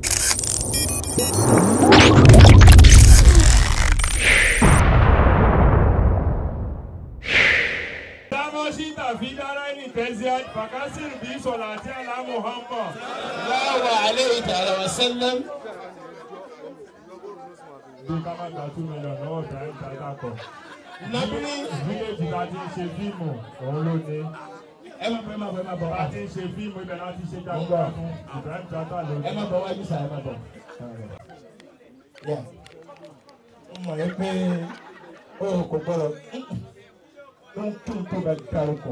تزيد فكسر في صلاتي على محمد صلى الله عليه تعالى وسلم Lovely. Village that is a demo, all of them ẹ má bọ̀ ẹ má bọ̀ ẹ má bọ̀. a ti ń ṣe fíìmù ibẹ̀ náà a ti ṣe jágbá fún Ibrahim tata lórí. ẹ má bọ̀ wájú sàn ẹ má bọ̀. yà ó ẹ pé ó kò gbọ́dọ̀ ló tún tó bẹ ká ro kí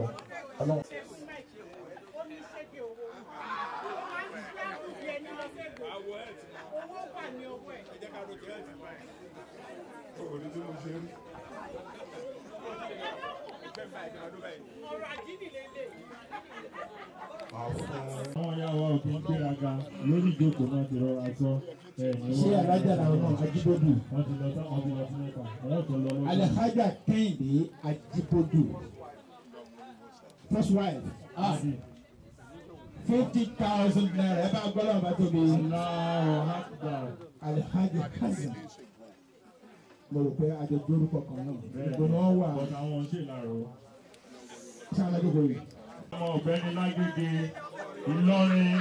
ẹ̀ ti àwọn yàwó òbí gbéraga lórí ìjókòó náà ti rọra sọ ṣé alájà làwọn náà ajíbodù wọn ti lọ sáwọn ọmọ ọtí mẹ́ta ọ̀rọ̀ lọ lọ. alhaja kẹ́hìndé ajíbodù first wife fifty thousand naira ẹ bá gbọ́dọ̀ bá tóbi. alhaja kẹ́hìndé mo rò pé àjọ gbórúkọ kan náà gbogbo wọn wà. bọ́dà wọn ṣe làró. ṣé àwọn ẹgbẹ́ gbòòrò. ọmọ ọ̀gbẹ́ni lágbègbè Ìlọrin.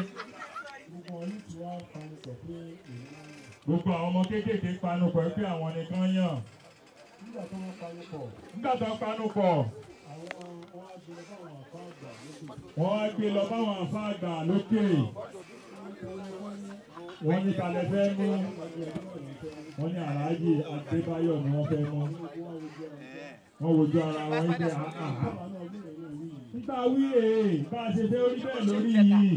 gbogbo àwọn ọmọ kéékèèké panupọ̀ pé àwọn nìkan yàn. nígbà tó wọn panupọ̀. nígbà tó wọn panupọ̀ wọ́n á gbé lọ báwọn àfáà àgbà lókè wọ́n ní kalẹ̀ fẹ́ mú wọ́n ní àlàyé Adébáyọ̀ ni wọ́n fẹ́ mú wọ́n wojú ara wọn ń bẹ àhà nígbà wí èè bá a ṣe fẹ́ orí bẹ́ẹ̀ lórí yìí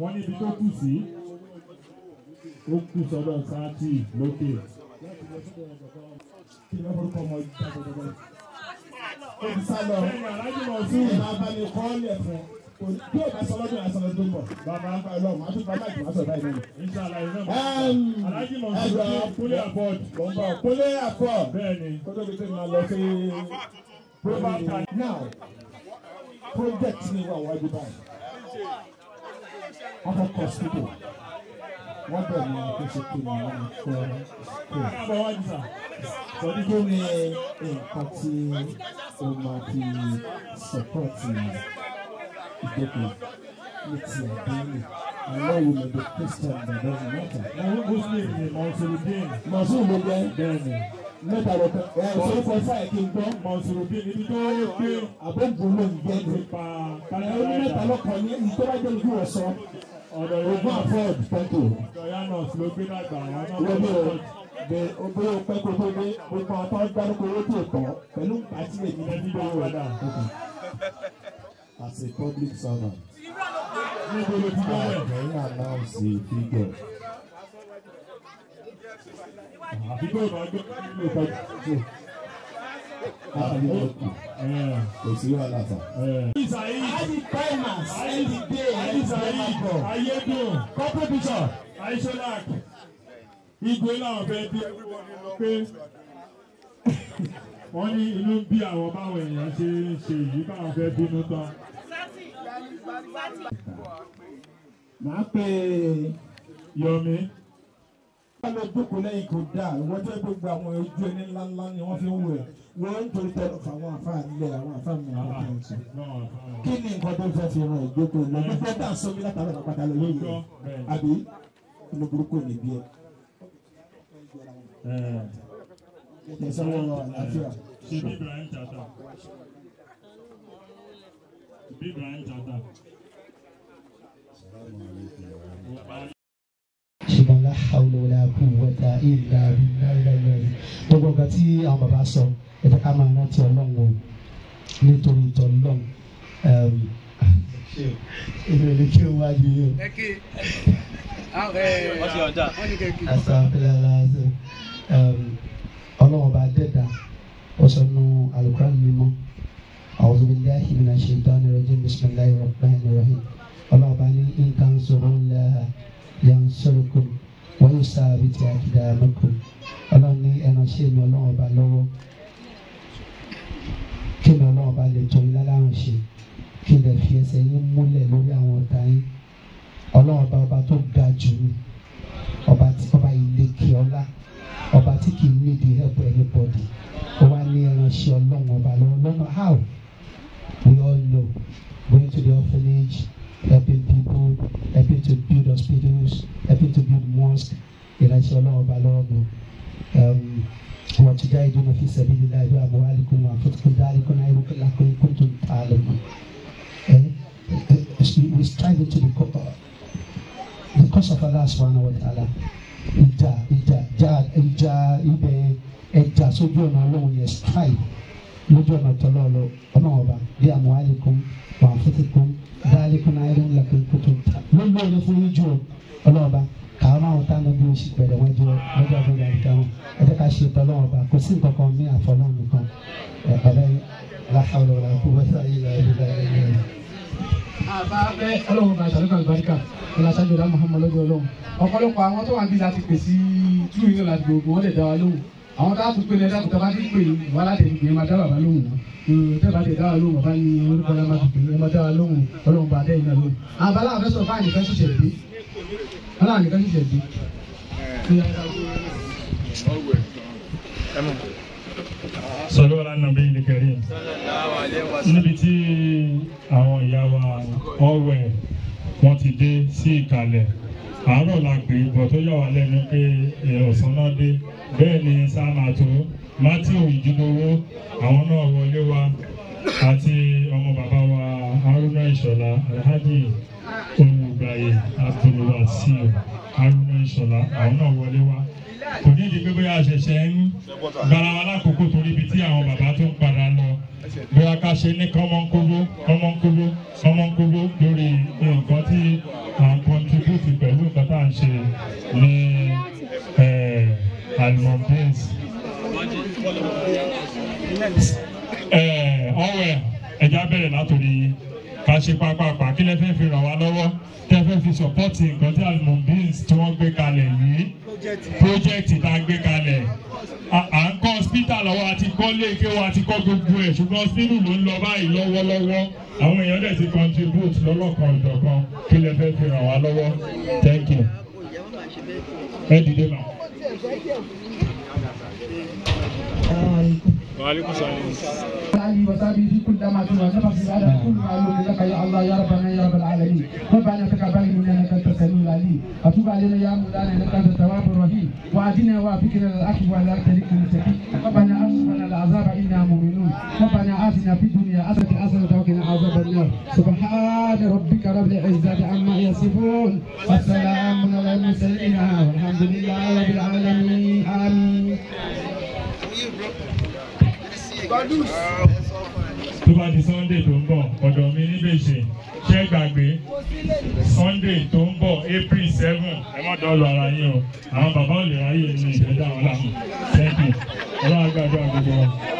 wọ́n níbi tó kù sí ó kù sọ́dọ̀ sáà tì lókè. kí ló forúkọ ọmọ ìgbà tó dọ́gbọ́n sálọ ìlà abalẹ̀ kọ́ọ̀lì ẹ̀fọ́ bí o bá sọ lọ́dún yà sọ̀rọ̀ tó bọ̀ bàbá ọlọ́run máa tún bàbá ìgbà sọ̀rọ̀ báyìí nínú. ẹ̀dọ̀ kúlẹ̀ àfọ̀d mọ̀ n bọ̀ kúlẹ̀ àfọ̀d bẹ́ẹ̀ni kótó bí tó máa lọ sí program now project ni wà wájú báyìí afọ kọ̀ọ̀sì pípò. One bẹ̀ mí kó ṣe pé màá máa kọ́ kó. Sọdí kí ni nǹkan tí o máa fi sọ̀pọ̀tì ìdókòwò ní ti the Christian that doesn't matter. Àwọn Muslim ni Mọ̀sùlùmíìn. Mọ̀sùlùmí jẹ́ bẹ́ẹ̀ni. Mẹ́ta lọ pẹ́. Ẹ ṣe fọ sáì kí n gbọ́. Mọ̀sùlùmíìn ibi tó gbé. Àbẹ̀gbọ́n ló ń gbẹ́ ni. Kàrẹ́ ó ní mẹ́ta lọ́kàn ní ogun afọd thank you. lóbi o de obi o pẹ́ kó tó dé gbogbo ọ̀tọ̀ dárúkọ owó tó tọ̀ pẹ̀lú àti èyí ní bíbá wà dà. as a public servant. níbo ló ti bẹ̀rẹ̀. àgbẹ̀yìn announce the figure. àbíkó ìbájú ló tọ́jú kò sí wàhálà tán. adi primers adi day adi primers wọ́n ní inú bí àwọn báwọn èèyàn ṣe ń ṣe yìí báwọn fẹẹ bínú tán. màá pe Yomi wọ́n lọ lẹ́yìn kò dáa ìwọ́n gbogbo àwọn ojú ẹni ńláńlá ni wọ́n fi ń wẹ̀ wọ́n ń torí tẹ́lẹ̀ fún àwọn afá ilé àwọn afá mi àwọn afá ìtù. kí ni nǹkan tó fẹ́ fi ràn ìjókòó lọ gbogbo ẹ̀dá sọmi látara àpàtà lọ lóye àbí inú burúkú ò bí ẹ. ìtẹ̀sánwó àlàáfíà. ṣe bí Ibrahim tata bí Ibrahim tata hawla wala quwwata illa billahi ìlànà gbogbo nǹkan tí àwọn bàbá sọ ẹ jẹ́ ká máa rántí ọlọ́run nítorí tọ́lọ́run èmi ò lè kí òun wájú yìí o. asàfilàlàzẹ ọlọ́run ọba dẹ́ta ọ̀sánú alukóran mímọ́ àwọn ọ̀sán bíi láàyè nínú àṣẹ ìtàn ẹ̀rọ jẹ́ bisimilayi ìdá lókun ẹran ṣé mi ọlọ́run ọba lọ́wọ́ kí mi ọlọ́run ọba lè tọ́ ilé ṣe kí lè fi ẹsẹ̀ yín múlẹ̀ lórí àwọn ọ̀tá yín ọlọ́run ọba ọba tó ga jù mí ọba tí ọba ìlẹ̀kẹ̀ ọlá ọba tí kì í nídìí help anybody ó wá ní ẹran ṣe ọlọ́run ọba lọ́wọ́ lọ́nà how we all know going to the orphanage helping people helping to build hospitals helping to build mosques ìránṣẹ́ ọlọ́run bá lọ́wọ́ gan wọ́n ti jáde dúró fi sẹ́bi lílá ìlú àbúrò àlìkún wọn àfọ́tún dárí kan náírà kó lápẹ́ kó tó ta lọ mọ́ ẹ we strive to the the cause of Allah subhanahu wa ta'ala ìjà ìjà ìjà ìjà ibẹ̀ ẹja sójú ọ̀nà ọlọ́run yẹn strive lójú ọ̀nà tọ́lọ́ lọ ọ̀nà ọba bí àmọ́ àlìkún wọn àfọ́tún dárí kan náírà kó lápẹ́ kó tó ta lọ́gbọ́n ní fún yíjú ọlọ́ọ̀ba àwọn àwọn tá a lọ bí oṣù pẹ̀lẹ́ wọ́n jẹ́ ọjọ́ àgbẹ̀dẹ àdìgá wọn ẹ jẹ́ ká ṣe tọ́lọ́ ọba kò sí nǹkan kan ní àfọlọ́ nìkan ẹ̀ ọ̀rẹ́ làhàlọ́ làkúbọ̀sá yìí làhàlọ́ àbáfẹ́ ọlọ́run bá ṣàlùkà àlùbáríkà ọ̀làṣájú ọ̀dà muhammad lọ́jọ́ ọlọ́run ọ̀pọ̀lọpọ̀ àwọn tó wà níbi láti pè sí túwì náà láti gbogbo wọn lè dá wa lóhùn àwọn tá a tún pè ní ẹ̀dá tó bá ti pè wá láti ẹ̀dùn ìgbìmọ̀ dá bàbá lóhùn náà tẹ́ bá ti dá wa lóhùn bàbá ní orúkọ lámà tó pè ní ẹ̀mọ́ dá wa lóhùn ọlọ́run bá dẹ́yìn náà lóhùn àbálá àfẹ́sọ̀ fáàyè fẹ́ sọ̀ṣẹ̀ bí aláàánú kan ṣẹ̀ṣẹ̀ bí. sọlá wàlá nàbí ilé kẹrin níbi tí àwọn ìyá wa ọwẹ wọn ti dé sí ìkàlẹ̀ àárọ̀ la pè é bọ̀ tó yà wá lẹ́nu pé ọ̀sán náà dé bẹ́ẹ̀ ni sáà máa tó Matthew ìdílówó àwọn náà wọlé wa àti ọmọ bàbá wa Haruna Ìṣọ̀lá Alhaji Olùgbàyè Abdulwasiu Haruna Ìṣọ̀lá àwọn náà wọlé wá kò ní ìdí pé bóyá àṣẹṣẹ ń gbára wa lákòókò torí ibi tí àwọn bàbá tó ń padà lọ bóyá ká ṣe ní kọ́mọ́nkóbó kọ́mọ́nkóbó kọ́mọ́nkóbó lórí nǹkan tí à ń kọ́ntribútì pẹ̀lú nǹkan tá à ń ṣe ní eh, alimọ̀bíyèsí ọwẹ́ ẹja bẹ̀rẹ̀ látòrí yín ká ṣe pápápá kí lẹ fẹ́ fi ràn wá lọ́wọ́ tẹ fẹ́ fi sọ̀pọ́tì nǹkan tí almobiles tí wọ́n gbé kalẹ̀ yìí pírójẹ́kìtì tá a gbé kalẹ̀ à ń kọ́ hospital lọ́wọ́ àti kọ́ léèké wa àti kọ́ gbogbo ẹ̀ ṣùgbọ́n hospital ló ń lọ báyìí lọ́wọ́lọ́wọ́ àwọn èèyàn dẹ̀ ti contribute lọ́lọ́kan ìjọ̀kan kí lẹ fẹ́ fi ràn wá lọ́wọ́ thank you ẹ dìde mà. وعليكم السلام الله يا ربنا يا رب العالمين ربنا تقبل منا انك انت السميع العليم وتب علينا يا مولانا انك انت التواب الرحيم واعطنا وافقنا للعفو ولا تلك المستقيم ربنا اصبرنا العذاب انا مؤمنون ربنا اتنا في الدنيا حسنه حسنه وقنا عذاب النار سبحان ربك رب العزه عما يصفون والسلام على المرسلين والحمد لله رب العالمين امين tó bá di sunday tó ń bọ̀ ọ̀dọ̀ mi ní bèṣe ṣé gbàgbé sunday tó ń bọ̀ april seven ẹ má dọ́ọ̀lù ara yín o àwọn bàbá ò lè ráyè nínú ìgbẹ́dá ọ̀la thank you ọlọ́run gbàdúrà gbogbo wa.